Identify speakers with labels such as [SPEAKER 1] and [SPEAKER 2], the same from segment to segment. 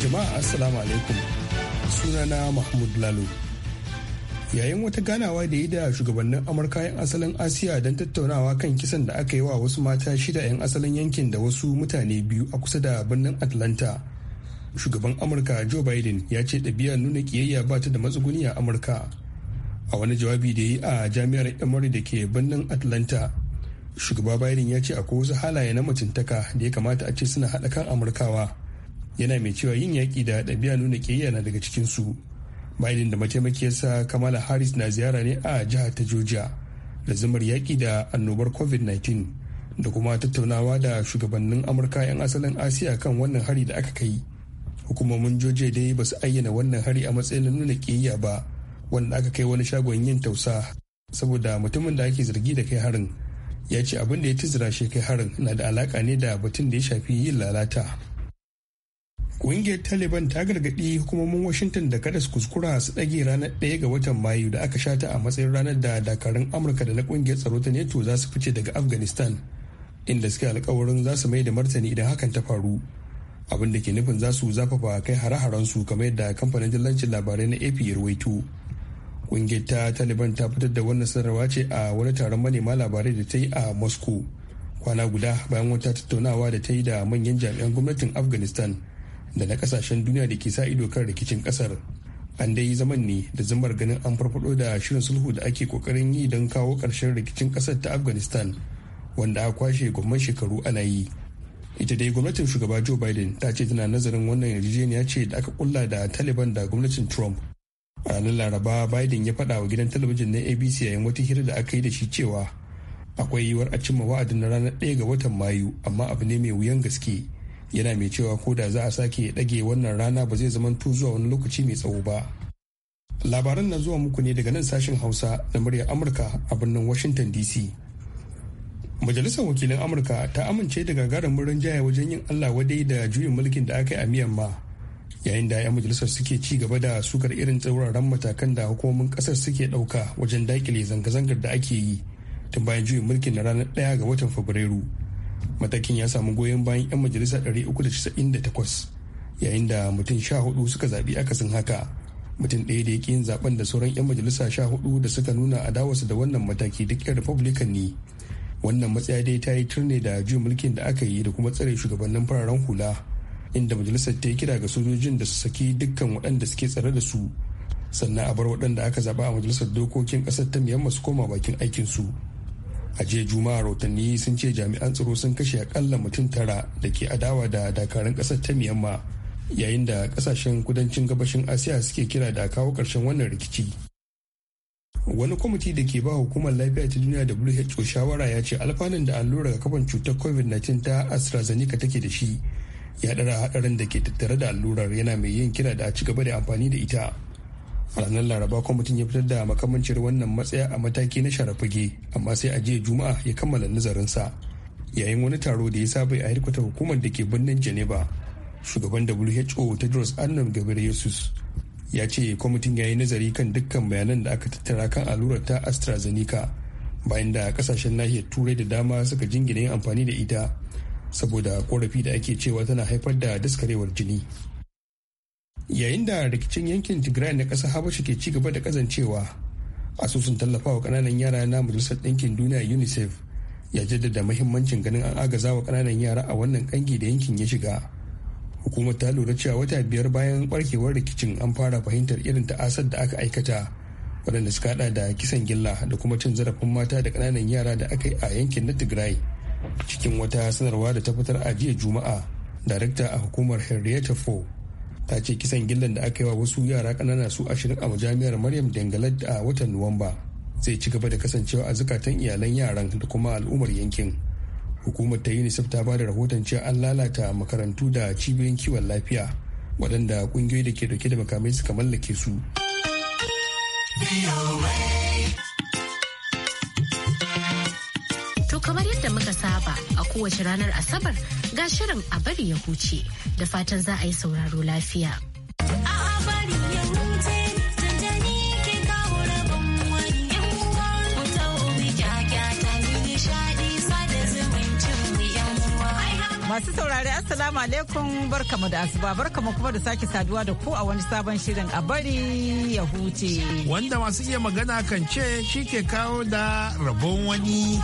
[SPEAKER 1] Jama'a Assalamu alaikum. Sunana Mahmud Lalo. Yayin wata ganawa da yi da shugabannin Amurka 'yan asalin Asiya don tattaunawa kan kisan da aka yi wa wasu mata shida 'yan asalin yankin da wasu mutane biyu a kusa da birnin Atlanta. Shugaban Amurka Joe Biden ya ce ɗabi'ar nuna ƙiyayya ba ta da matsuguni a Amurka. A wani jawabi da yi a jami'ar Emory da ke birnin Atlanta, shugaba Biden ya ce akwai wasu halaye na mutuntaka da ya kamata a ce suna haɗa kan Amurkawa. yana mai cewa yin yaƙi da ɗabi'a nuna ƙiyayya na daga cikinsu biden da mataimakiyarsa kamala harris na ziyara ne a jihar ta georgia da zumar yaƙi da annobar covid-19 da kuma tattaunawa da shugabannin amurka 'yan asalin asiya kan wannan hari da aka kai hukumomin georgia dai ba su ayyana wannan hari a matsayin nuna ƙiyayya ba wanda aka kai wani shagon yin tausa saboda mutumin da ake zargi da kai harin ya ce abin da ya tizira shi kai harin na da alaka ne da batun da ya shafi yin lalata ƙungiyar taliban ta gargaɗi hukumomin washington da kada su kuskura su ɗage ranar ɗaya ga watan mayu da aka shata a matsayin ranar da dakarun amurka da na ƙungiyar tsaro ta neto za su fice daga afghanistan inda suke alkawarin za su mai da martani idan hakan ta faru abin da ke nufin za su zafafa kai hare-haren su kamar yadda kamfanin dillancin labarai na ap ya rawaito ƙungiyar ta taliban ta fitar da wannan sanarwa ce a wani taron manema labarai da ta yi a moscow kwana guda bayan wata tattaunawa da ta yi da manyan jami'an gwamnatin afghanistan da na kasashen duniya da ke sa ido kan rikicin kasar an dai zaman ne da zumar ganin an farfado da shirin sulhu da ake kokarin yi don kawo karshen rikicin kasar ta afghanistan wanda a kwashe gwamnan shekaru ana yi ita dai gwamnatin shugaba joe biden ta ce tana nazarin wannan yarjejeniya ce da aka kulla da taliban da gwamnatin trump a ranar laraba biden ya faɗa wa gidan talabijin na abc yayin wata hira da aka yi da shi cewa akwai yiwuwar a cimma wa'adin na ranar 1 ga watan mayu amma abu ne mai wuyan gaske yana mai cewa ko da za a sake ɗage wannan rana ba zai zamanto zuwa wani lokaci mai tsawo ba labaran na zuwa muku ne daga nan sashen hausa na muryar amurka a birnin washington dc majalisar wakilin amurka ta amince da gagarumin jihar wajen yin allah wadai da juyin mulkin da aka yi a myanmar yayin da 'yan majalisar suke ci gaba da sukar irin tsauraran matakan da hukumomin kasar suke ɗauka wajen dakile zanga-zangar da ake yi tun bayan juyin mulkin na ranar 1 ga watan fabrairu matakin ya samu goyon bayan 'yan majalisa 398 yayin da mutum sha hudu suka zaɓi akasin haka mutum ɗaya da ya yin zaɓen da sauran 'yan majalisa sha hudu da suka nuna adawarsu da wannan mataki duk 'yan republican ne wannan matsaya dai ta yi turne da juyin mulkin da aka yi da kuma tsare shugabannin fararen hula inda majalisar ta yi kira ga sojojin da su saki dukkan waɗanda suke tsare da su sannan a bar waɗanda aka zaɓa a majalisar dokokin ƙasar ta miyamma su koma bakin aikinsu. su a jiya juma'a rahotanni sun ce jami'an tsaro sun kashe akalla mutum tara da ke adawa da dakarun kasar ta miyamma yayin da kasashen kudancin gabashin asiya suke kira da kawo karshen wannan rikici wani kwamiti da ke ba hukumar lafiya ta duniya da who shawara ya ce alfanun da allurar kafan cutar covid-19 ta astrazeneca take da shi ya dara hadarin da ke tattare da allurar yana mai yin kira da a ci gaba da amfani da ita ranar laraba kwamitin ya fitar da makamancin wannan matsaya a mataki na sharafage amma sai a jiya juma'a ya kammala nazarinsa yayin wani taro da ya saba a hirkutar hukumar da ke birnin geneva shugaban who tedros adhanom ghebreyesus ya ce kwamitin ya yi nazari kan dukkan bayanan da aka tattara kan allurar ta astrazeneca bayan da kasashen nahiyar turai da dama suka jingina yin amfani da ita saboda korafi da ake cewa tana haifar da daskarewar jini yayin da rikicin yankin tigray na ƙasar habasha ke cigaba da kazancewa asusun tallafa wa kananan yara na majalisar ɗinkin duniya unicef ya jaddada mahimmancin ganin an agaza wa kananan yara a wannan kangi da yankin ya shiga hukumar ta lura cewa wata biyar bayan barkewar rikicin an fara fahimtar irin ta'asar da aka aikata waɗanda suka hada da kisan gilla da kuma cin zarafin mata da kananan yara da aka yi a yankin na tigray cikin wata sanarwa da ta fitar a jiya juma'a darakta a hukumar henrietta fo ta ce kisan gillan da aka yi wa wasu yara kanana su ashirin a majami'ar maryam dangalad a watan nuwamba zai ci gaba da kasancewa a zukatan iyalan yaran da kuma al'ummar yankin hukumar ta unicef ta ba da rahoton cewa an lalata makarantu da cibiyoyin kiwon lafiya waɗanda ƙungiyoyi da ke dauke da makamai suka mallake su
[SPEAKER 2] To kamar yadda muka saba a kowace ranar Asabar ga shirin a bari ya huce da fatan za a yi sauraro lafiya.
[SPEAKER 3] A'a
[SPEAKER 4] Masu saurari Assalamu alaikum barkamu da asuba barkamu kuma da sake saduwa da ku a wani sabon shirin a bari ya huce. Wanda masu iya magana kan ce shi ke kawo da rabon wani.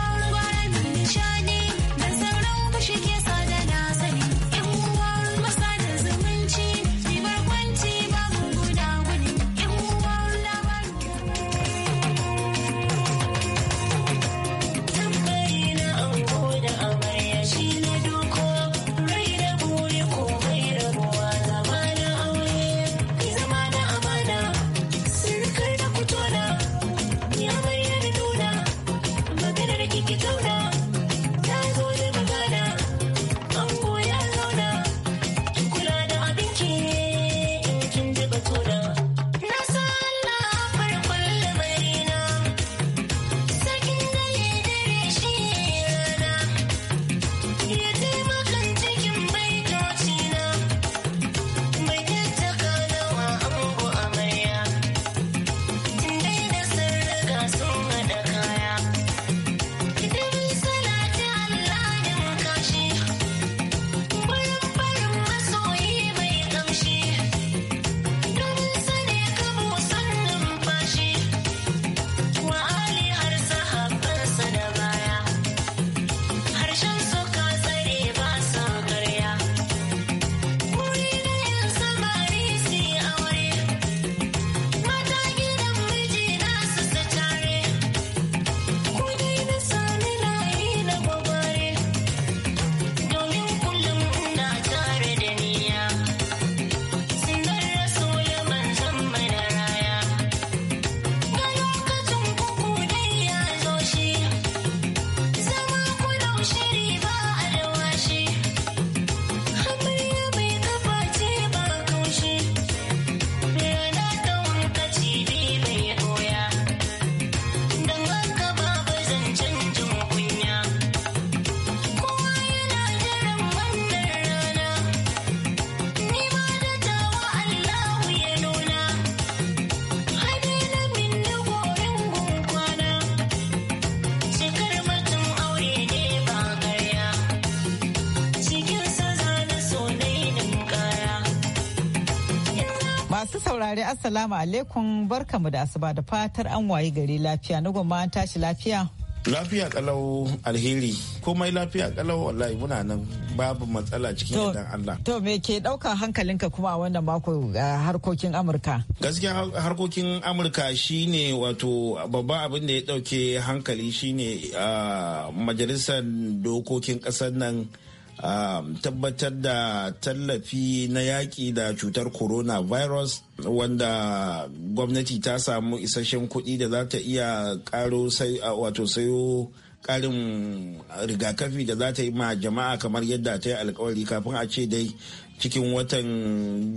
[SPEAKER 4] assalamu alaikum barkamu da asuba da fatar an waye gari lafiya na gwamma an tashi lafiya.
[SPEAKER 5] Lafiya kalau alheri komai lafiya kalau wallahi muna nan babu matsala cikin idan Allah.
[SPEAKER 4] To me ke ɗaukar hankalinka kuma a wannan mako harkokin Amurka?
[SPEAKER 5] Gaskiya harkokin Amurka shine wato babban abin da ya dauke hankali shine majalisar dokokin kasar nan. Um, tabbatar da tallafi na yaƙi da cutar corona virus wanda gwamnati ta samu isasshen kuɗi da za ta iya ƙaro uh, wato sayo ƙarin rigakafi da za ta yi ma jama'a kamar yadda ta yi alkawari kafin a ce dai cikin watan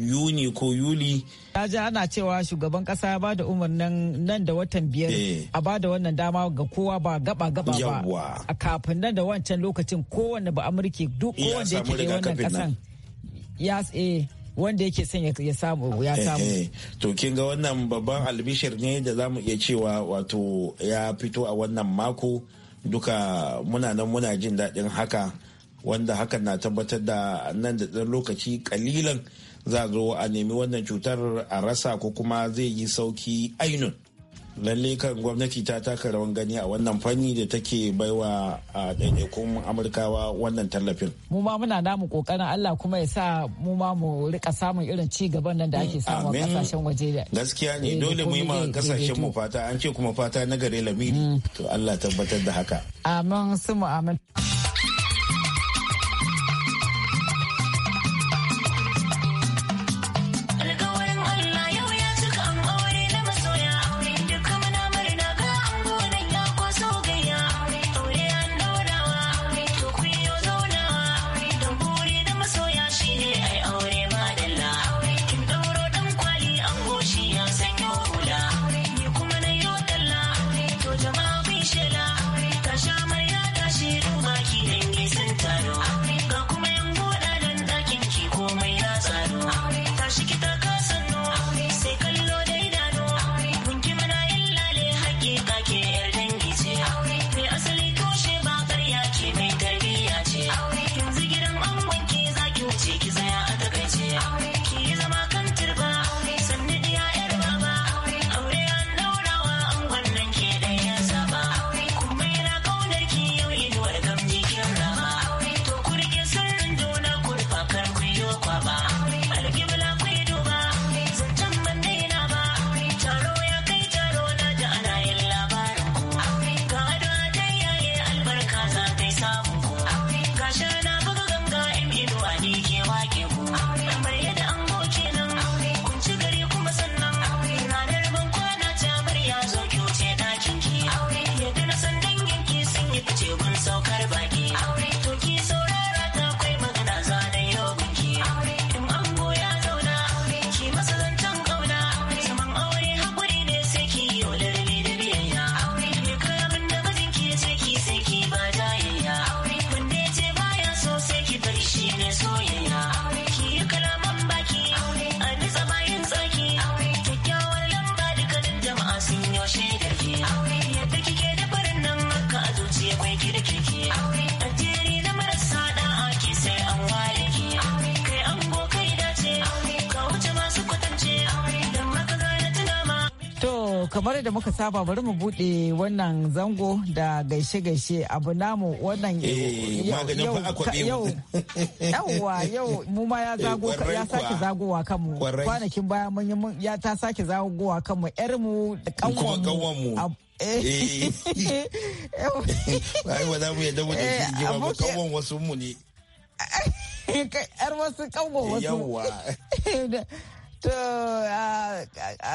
[SPEAKER 5] yuni ko yuli
[SPEAKER 4] ya ji ana cewa shugaban kasa ya ba da umarnin nan da watan biyar eh. a ba da wannan dama ga kowa ba gaba gaba ba a kafin nan da wancan lokacin kowanne ba amurki duk kowanne eh, yake da wannan kasan ya eh, wanda yake son ya samu ya samu
[SPEAKER 5] to kin ga wannan babban albishir ne da za mu iya cewa wato ya fito a wannan mako duka muna nan muna jin daɗin haka wanda hakan na tabbatar da nan da ɗan lokaci kalilan za zo a nemi wannan cutar a rasa ko kuma zai yi sauki ainun lalle kan gwamnati ta taka rawan gani a wannan fanni da take baiwa a ɗaiɗaikun amurkawa wannan tallafin
[SPEAKER 4] mu ma muna namu kokarin allah kuma ya sa mu ma mu rika samun irin ci gaban nan da ake mm, samu a kasashen waje da gaskiya ne eh,
[SPEAKER 5] dole mu yi ma kasashen mu fata an ce kuma fata na gare lamiri mm. to allah tabbatar da haka
[SPEAKER 4] amin su mu amin kamar da muka saba bari mu bude wannan zango da gaishe-gaishe abu namu wannan yau eh, yauwa yau mu ma ya eh, ya sake zagowa kanmu kwanakin baya mun ya ta sake zagowa kanmu yar mu da kanwan
[SPEAKER 5] mu eh,
[SPEAKER 4] eh. ba
[SPEAKER 5] wasu mu ne
[SPEAKER 4] yar wasu kanwan
[SPEAKER 5] wasu
[SPEAKER 4] To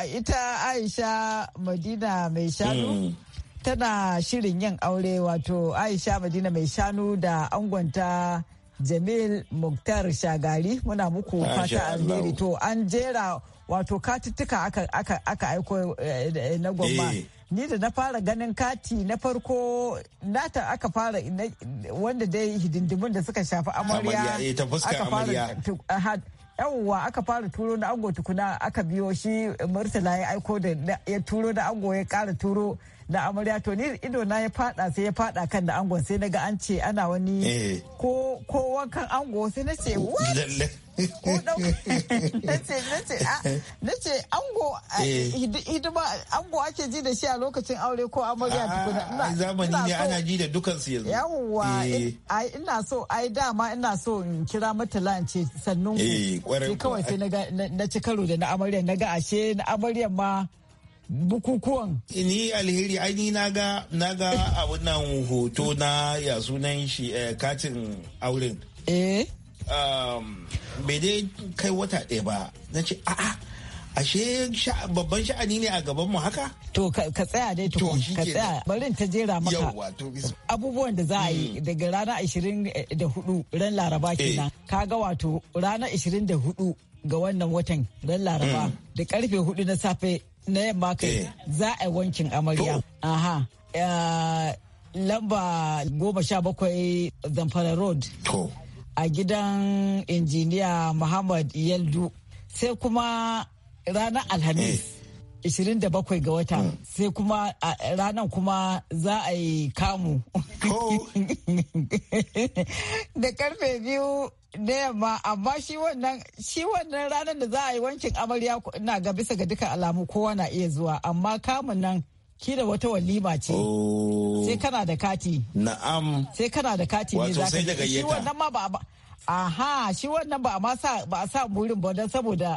[SPEAKER 4] ita Aisha Madina mai shanu hmm. tana shirin yin aure wato Aisha Madina mai shanu da angonta Jamil Muktar Shagari muna muku fata alheri to an jera wato katuttuka aka aiko eh, eh, na gwamma. Eh. ni da na fara ganin kati na farko nata aka fara wanda dai hidindimun da suka shafi amarya aka fara yawwa aka fara turo da ango tukuna aka biyo shi murtala ya aiko da ya turo da ango ya kara turo na amarya to ni ido na ya fada sai ya fada kan da angon sai naga an ce ana wani eh. ko ko wankan ango sai na ce what na ce ah. ango eh. hidima ango ake ji da shi a lokacin aure ko amarya ah, tukuna zamani ne ana
[SPEAKER 5] ji da dukan su yanzu yawwa eh.
[SPEAKER 4] ina so ai dama ina so in kira mata lance sannan ku kawai sai na ci karo da na amarya naga ashe na amarya ma bukukuwan. Ni alheri aini na
[SPEAKER 5] naga a wannan hoto na ya sunan shi eh, katin auren. Eh. Um, bai dai kai wata ɗaya
[SPEAKER 4] ba na ce a'a ashe babban sha'ani ne a gaban mu haka to ka tsaya dai to ka tsaya barin ta jera maka abubuwan da za a yi mm. daga rana 24 eh, ran laraba eh. kenan ga wato rana 24 ga wannan watan ran laraba mm. da karfe 4 na safe na yamma kai eh. za a yi wankin amarya aha lamba goma sha bakwai zamfara road a gidan injiniya muhammad yaldu sai kuma ranar alhamis eh. 27 ga wata mm. sai kuma ranar kuma za a yi kamu oh. da karfe biyu da yamma amma shi wannan shi wannan ranar da za a yi wancin amarya na ga bisa ga duka alamu kowa na iya zuwa amma kamun nan ki da wata walima ce oh. sai kana da kati na'am sai kana da kati ne za ka shi wannan ma ba aha shi wannan ba a sa ba a sa burin ba don saboda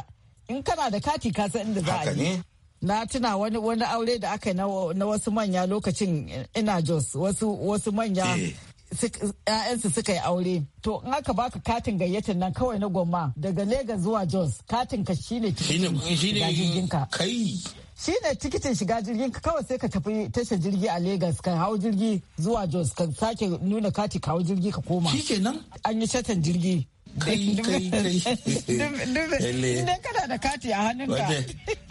[SPEAKER 4] in kana da kati ka san inda za a yi na tuna wani wani aure da aka na, na wasu manya lokacin ina jos wasu wasu manya eh. ƴaƴansu suka yi aure. To, in aka baka katin gayyatar nan kawai na goma daga Legas zuwa Jos, katin ka shine tikitin Shi tikitin shiga jirgin ka kawai sai ka tafi tashar jirgi a Legas ka hau jirgi zuwa Jos ka sake nuna kati ka hau jirgi ka koma. Shi An yi shatan jirgi. kai kai kai kana da kati a hannunka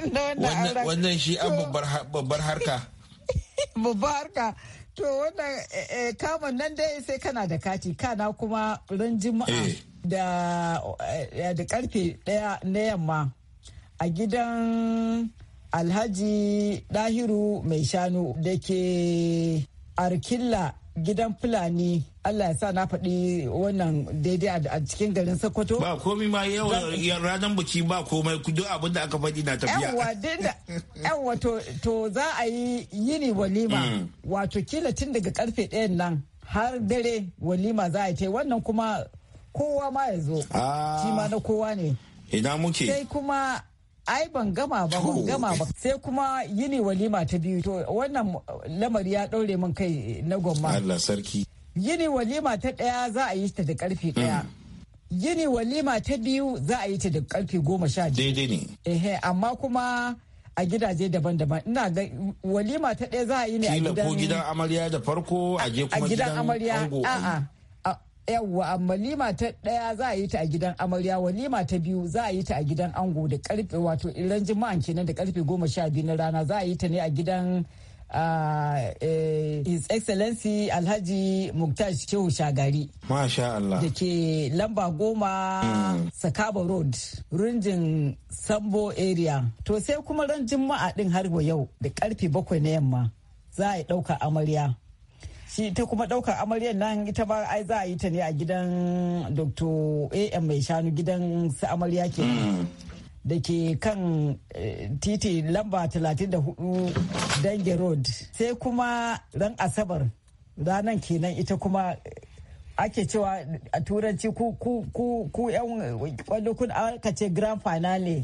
[SPEAKER 4] wannan
[SPEAKER 5] shi an babbar harka
[SPEAKER 4] babbar harka to wannan eh, eh, kamar nan dai sai kana da kati kana kuma ran jima'a eh. da da karfe daya na yamma a gidan alhaji dahiru mai shanu da ke arkilla gidan fulani Allah ya sa na faɗi wannan daidai a cikin garin Sokoto. Ba
[SPEAKER 5] komi ma yawan ranar buki ba komai duk abin da aka faɗi na tafiya.
[SPEAKER 4] Yawwa to, to za a yi yini walima mm. wato kila tun daga karfe ɗayan nan har dare walima za a yi wannan kuma kowa ma ya zo. Ah. Shi ma na kowa ne. Ina muke. Sai kuma ai ban gama ba ban gama ba sai kuma yini walima ta biyu to wannan lamari ya ɗaure min kai na gwamma Allah sarki yini walima ta ɗaya za a yi ta da karfe ɗaya hmm. yini walima ta biyu za a yi ta da karfe goma sha biyu daidai ne eh amma kuma a gidaje daban-daban ina ga walima ta ɗaya za a yi ne a gidan ko gidan
[SPEAKER 5] amarya da farko a je kuma gidan amarya a'a
[SPEAKER 4] yawwa walima ta daya za a yi ta a gidan amarya walima ta biyu za a yi ta a gidan ango da karfe wato iran jima'an kenan da karfe goma sha biyu na rana za a yi ta ne a gidan e, His Excellency Alhaji muktash Shehu Shagari.
[SPEAKER 5] Masha Allah. Da
[SPEAKER 4] ke lamba goma mm. Sakaba Road, rinjin Sambo area. To sai kuma ran Juma'a din har yau da karfe bakwai na yamma za a yi ɗauka amarya. shi ta kuma ɗaukar amaryar nan ita ba ai za a yi ta ne a gidan dr am mai shanu gidan su amarya ke hmm. da ke kan eh, titi lamba 34 dange road sai kuma ran asabar ranar kenan ita kuma ake cewa a turanci ku ku ku ku yan kwallo kun aka ce grand finale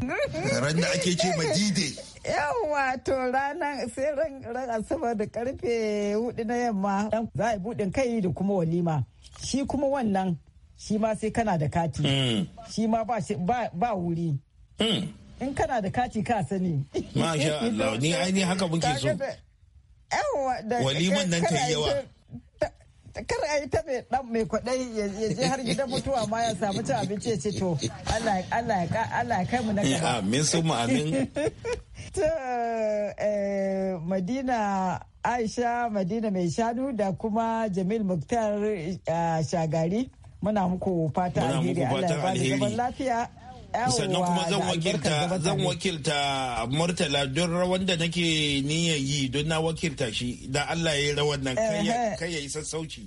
[SPEAKER 4] ran da ake ce madide yawa to ranar sai ran asabar da karfe hudu na yamma za a buɗin kai da kuma walima shi kuma wannan shi ma sai kana da kati hmm. shi ma ba ba wuri hmm. in kana da kati ka sani masha Allah ni ni haka muke so waliman nan ta yawa kar a yi ta mai dan mai kwaɗai ya je har gidan mutuwa ma ya samu cin abinci ya ce to Allah ya kai mu na gaba. min su mu amin. Ta eh, Madina Aisha Madina mai shanu da kuma Jamil Muktar eh, Shagari muna muku fata alheri Allah ya ba da lafiya. sannan kuma zan wakilta zan
[SPEAKER 5] wakilta murtala don rawan da nake niyyar yi don na wakilta shi da Allah ya yi rawan nan kai ya yi sassauci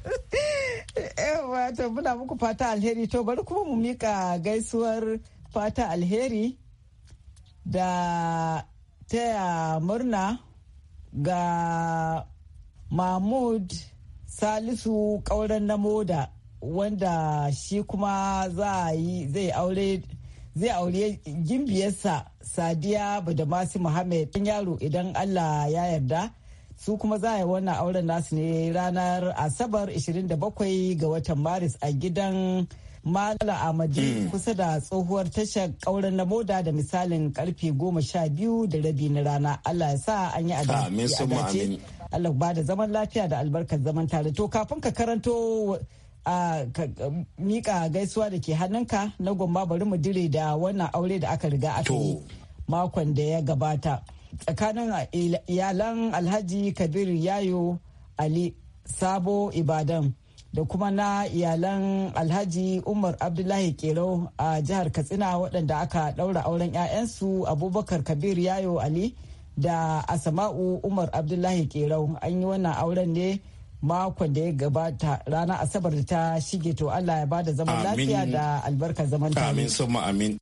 [SPEAKER 4] yawa to muna muku fata alheri to bari kuma mu mika gaisuwar fata alheri da taya murna ga mahmud salisu kauran na moda wanda shi kuma za a yi zai aure zai aure gimbiyarsa sadiya badamasi muhammad ɗan yaro idan allah ya yarda su kuma za a yi wannan auren nasu ne ranar asabar 27 ga watan maris a gidan Mala Amadi hmm. kusa da tsohuwar tashar kauren na moda da misalin karfe goma sha biyu da rabi na rana. Allah ya sa an yi adalci Allah ba da zaman lafiya da albarkar zaman tare. To kafin ka karanto A mika gaisuwa da ke hannunka na gwamma bari mu dire da wannan aure da aka riga aka yi makon da ya gabata tsakanin iyalan alhaji kabir yayo ali sabo ibadan da kuma na iyalan alhaji umar abdullahi kero a jihar katsina waɗanda aka ɗaura auren 'ya'yansu abubakar kabir yayo ali da asama'u umar abdullahi kero an yi wannan auren ne makon da ya gabata ranar asabar da ta shige to Allah ya bada zaman lafiya da albarkar zaman tare. Amin,
[SPEAKER 5] amin.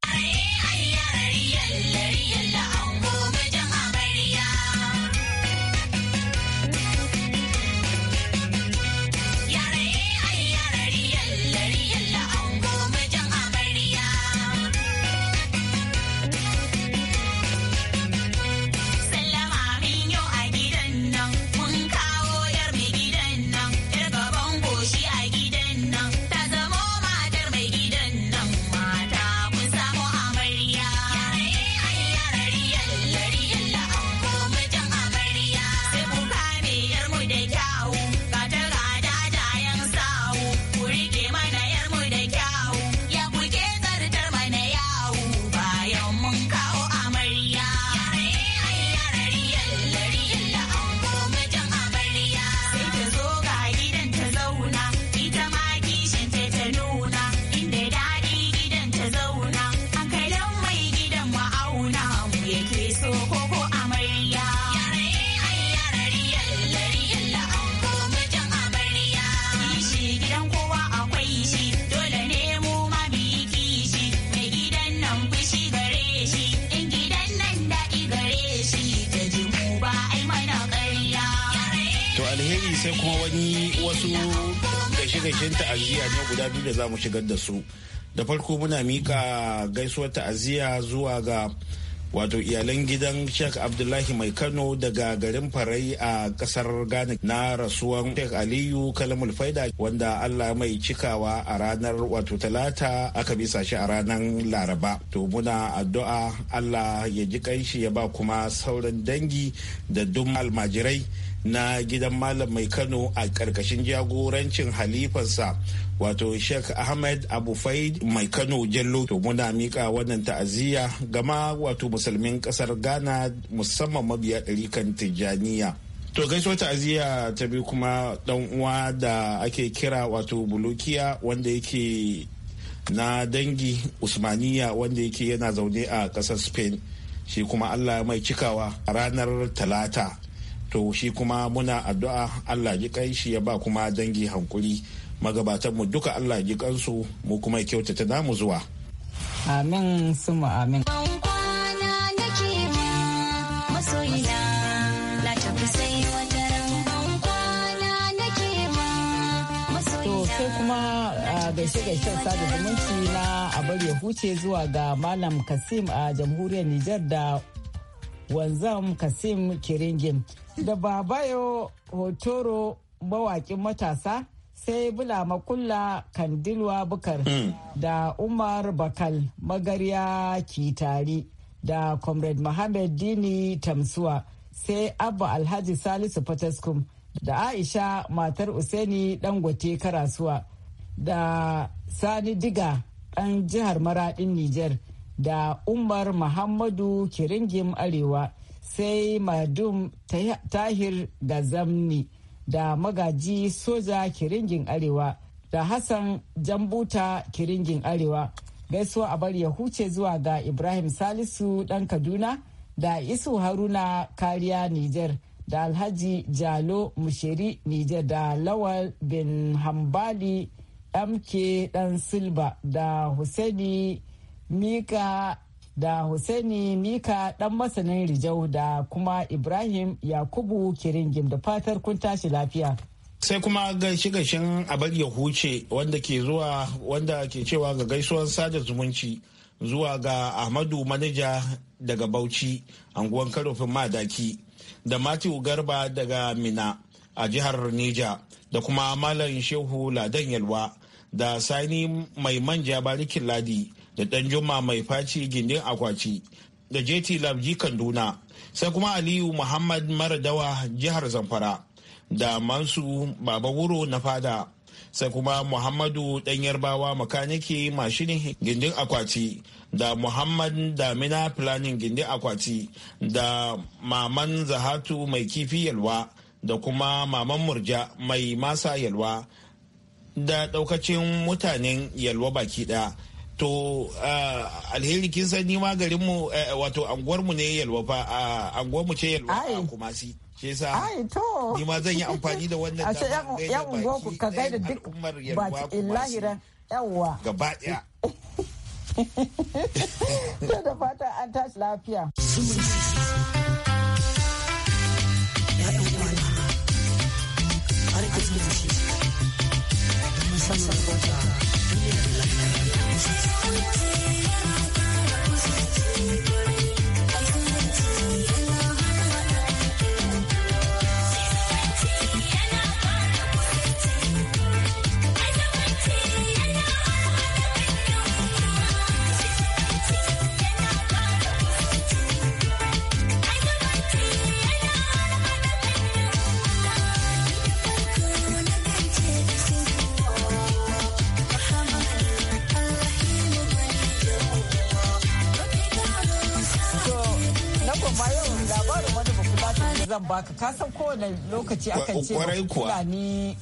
[SPEAKER 5] sai kuma wani wasu gaishe-gaishen ta'aziyya ne guda biyu da za mu shigar da su da farko muna mika gaisuwar ta'aziyya zuwa ga wato iyalan gidan sheikh abdullahi mai kano daga garin farai a kasar ghana na rasuwan sheikh aliyu kalamul faida wanda allah mai cikawa a ranar wato talata aka bisa shi a ranar laraba to muna addu'a allah ya ji kanshi ya ba kuma sauran dangi da dum almajirai na gidan malam mai kano a ƙarƙashin jagorancin halifansa wato sheik ahmed faid mai kano jello. to muna mika wannan ta'aziyya gama wato musulmin ƙasar ghana musamman mabiya kan tijjaniya to gaisuwa ta'aziyya ta bi kuma dan uwa da ake kira wato bulukiya wanda yake na dangi usmaniya wanda yake yana zaune a ƙasar spain shi kuma allah mai cikawa ranar talata to shi kuma muna addu'a allah ji kai shi ya ba kuma dangi hankuri magabatanmu duka allah ji kansu mu kuma kyautata namu zuwa
[SPEAKER 4] amin suma amin sai kuma gaishe-gaishen sada zumunci na abar ya huce zuwa ga malam kasim a jamhuriyar nijar da wanzam kasim kiringim da babayo hotoro mawaƙin matasa sai bula makulla kandilwa bukar hmm. da umar bakal magarya kitari da comrade mohammed dini tamsuwa sai abba alhaji salisu fataskum da aisha matar useni dangote karasuwa da sani diga ɗan jihar Maraɗin niger da umar muhammadu kiringim arewa sai madum tahir zamni da magaji soja kiringin arewa da hassan jambuta kiringin arewa gaisuwa a bar ya huce zuwa ga ibrahim salisu dan kaduna da isu haruna kariya niger da alhaji jalo mushiri niger da lawal bin hambali mk dan silba da husaini mika da Hussaini Mika dan masanin Rijau da kuma Ibrahim Yakubu Kiringim da fatar kun tashi lafiya.
[SPEAKER 5] sai kuma gaishe gashin abar ya huce wanda ke zuwa wanda ke cewa ga gaisuwar sada zumunci zuwa ga ahmadu manija daga bauchi anguwan karofin madaki da matthew garba daga mina a jihar Neja da kuma Malam Shehu Ladan Yalwa da Sani Mai Manja Barikin Ladi da dan juma mai faci gindin akwaci da jt labji kanduna sai kuma aliyu muhammad maradawa jihar zamfara da mansu baba wuro na fada sai kuma muhammadu dan yarbawa makaniki mashinin gindin akwati da muhammad damina planning gindin akwati da maman zahatu mai kifi yalwa da kuma maman murja mai masa yalwa da daukacin mutanen yalwa baki ɗaya to alheri kin san ni ma garin mu wato anguwar mu ne yalwa fa anguwar mu ce yalwa a kumasi shi sa ni ma zan yi amfani da wannan ashe yan unguwar ku ka gaida duk ba illahi ran
[SPEAKER 4] yawwa gaba daya to da fata an tashi lafiya
[SPEAKER 3] Sassan bauta.
[SPEAKER 4] amma yau labarin wani bafulatani zan baka ka san kowane lokaci akan ce fulani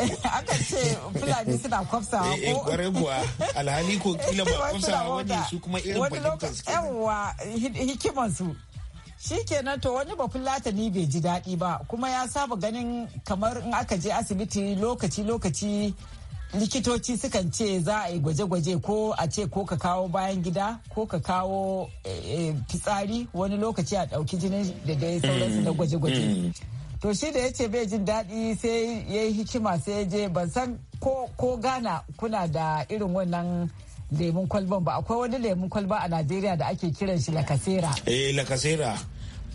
[SPEAKER 4] akan ce fulani suna kwafsawa eh, eh, ko kwarai kuwa alhali ko kila ba kwafsawa wani su kuma irin bakin su yawa hikiman su shikenan to wani bafulata ni bai ji daɗi ba kuma ya saba ganin kamar in aka je asibiti lokaci lokaci likitoci sukan ce za a yi gwaje-gwaje ko a ce ko ka kawo bayan gida ko ka kawo eh, eh, fitsari wani lokaci a ɗauki jinin da dai sauransu na mm. gwaje-gwaje mm. to shi da ya ce bai jin daɗi sai ya yi hikima sai ya je ban san ko gana kuna da irin wannan lemun kwalban ba akwai wani lemun kwalba a najeriya da ake kiran shi lakasera
[SPEAKER 5] eh lakasera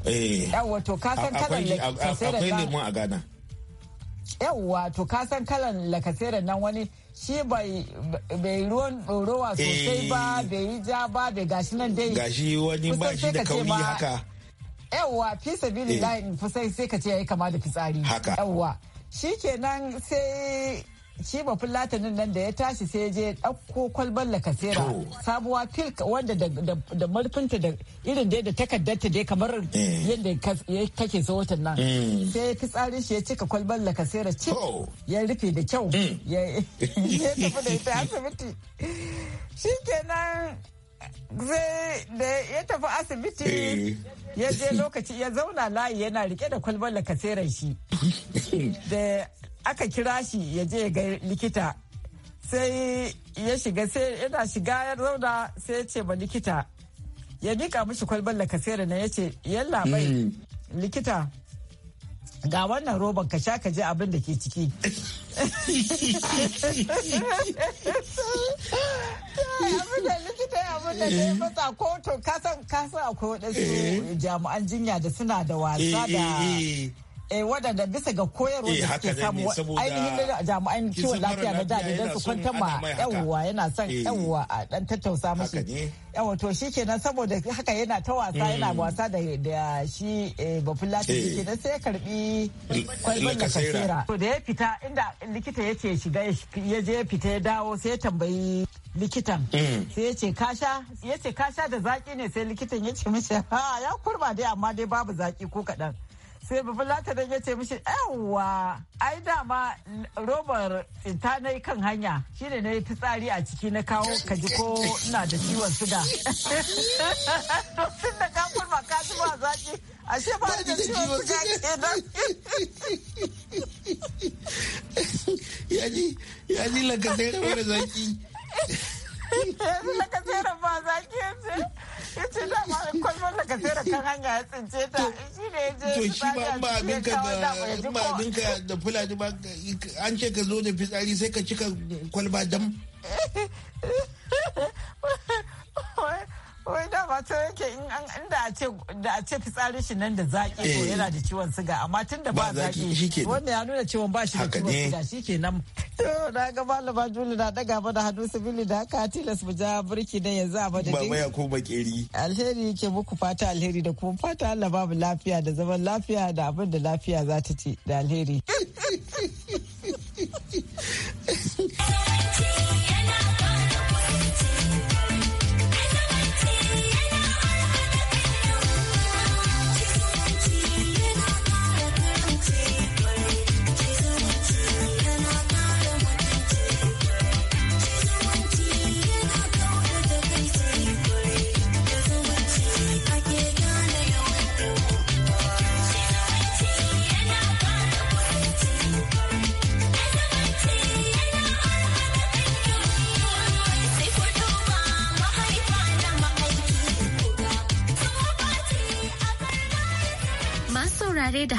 [SPEAKER 5] eh yawa to ka san kalan lakasera akwai lemun a ghana
[SPEAKER 4] yauwa to ka san kalan lakasera nan wani shi bai ruwan rowa sosai ba eh. bai yi ja ba bai gashi nan dai gashi wani ba shi da kauni haka yauwa fi sabili line eh. fusai sai ka ce ya yi kama da fitsari haka yawwa shi kenan sai shi ba fulatinin nan da ya tashi sai je ɗauko kwalbar lakasera sabuwa fil wanda da marfinta da irin dai da takardarta dai kamar eh. yadda kake so watan nan mm. sai fitsarin shi ya cika kwalbar lakasera ci ya rufe da kyau mm. ya tafi da ita asibiti shi kenan zai da ya tafi asibiti eh. ya je lokaci ya zauna layi yana rike da kwalbar lakaserar shi aka kira shi ya je ga likita sai ya shiga sai yana shiga ya zauna sai ya ce ba likita ya mika mishi kwalban lakasera na ya ce yalla bai mm. likita ga wannan roban ka sha ka je abin da ke ciki abin da likita ya abin da ya matsa ko to kasan kasan akwai waɗansu eh. jami'an jinya da suna da wasa da eh, eh, eh wadanda bisa ga koyarwa eh, da suke samu ainihin da jami'an kiwon lafiya na da idan su kwanta ma yawwa yana son eh. yawwa a dan tattausa musu yawwa to shi kenan saboda haka yana ta wasa yana mm. wasa da shi eh, babban lafiya kenan sai ya karbi kwalban da kasera to da ya fita inda likita ya ce shiga ya je ya fita ya dawo sai ya tambayi likitan mm. sai ya ce kasha ya ce kasha da zaki ne sai likitan ya ce mishi ha ya kurba dai amma dai babu zaki ko kaɗan sai bafulata dan ya ce mishi yawwa ai dama robar ta na kan hanya shine na yi fitsari a ciki na kawo kaji ko ina da ciwon suga tun da ka kurma ka ci ba zaki ashe ba
[SPEAKER 2] da ciwon suga
[SPEAKER 4] ke kenan yaji yaji lakasai da mara zaki na yace da ma kwalbar da ka sayar kan hanya ya tsince ta shi ne
[SPEAKER 5] je to shi ba ba abinka da ba abinka da fulani ba an ce ka zo da
[SPEAKER 4] fitsari sai ka cika kwalba dam a da a ce fitsarin shi nan da zaki to eh. yana da ciwon siga amma tun da ba zaki wanda ya nuna ciwon ba shi da ciwon siga nan. Yau na ga malama Juli na daga mana hannu sabili da haka tilas mu ja burki da yanzu a madadin ba ya ko
[SPEAKER 1] bakeri
[SPEAKER 4] alheri ke muku fata alheri da kuma fata Allah babu lafiya da zaman lafiya da abin da lafiya za ta ci da alheri